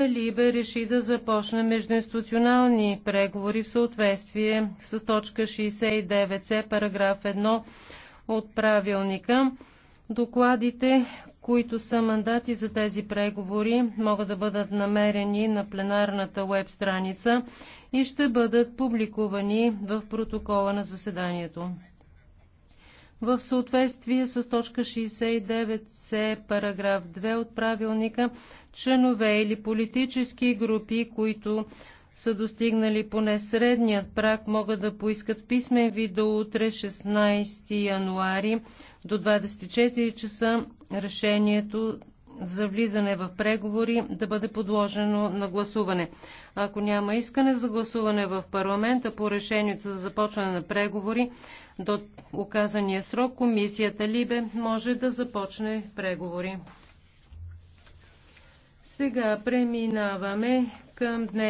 Либе реши да започне междуинституционални преговори в съответствие с точка 69c, параграф 1 от правилника. Докладите, които са мандати за тези преговори, могат да бъдат намерени на пленарната веб страница и ще бъдат публикувани в протокола на заседанието в съответствие с точка 69 се параграф 2 от правилника, членове или политически групи, които са достигнали поне средният прак, могат да поискат в писмен вид до утре 16 януари до 24 часа решението за влизане в преговори да бъде подложено на гласуване. Ако няма искане за гласуване в парламента по решението за започване на преговори до указания срок, комисията Либе може да започне преговори. Сега преминаваме към днев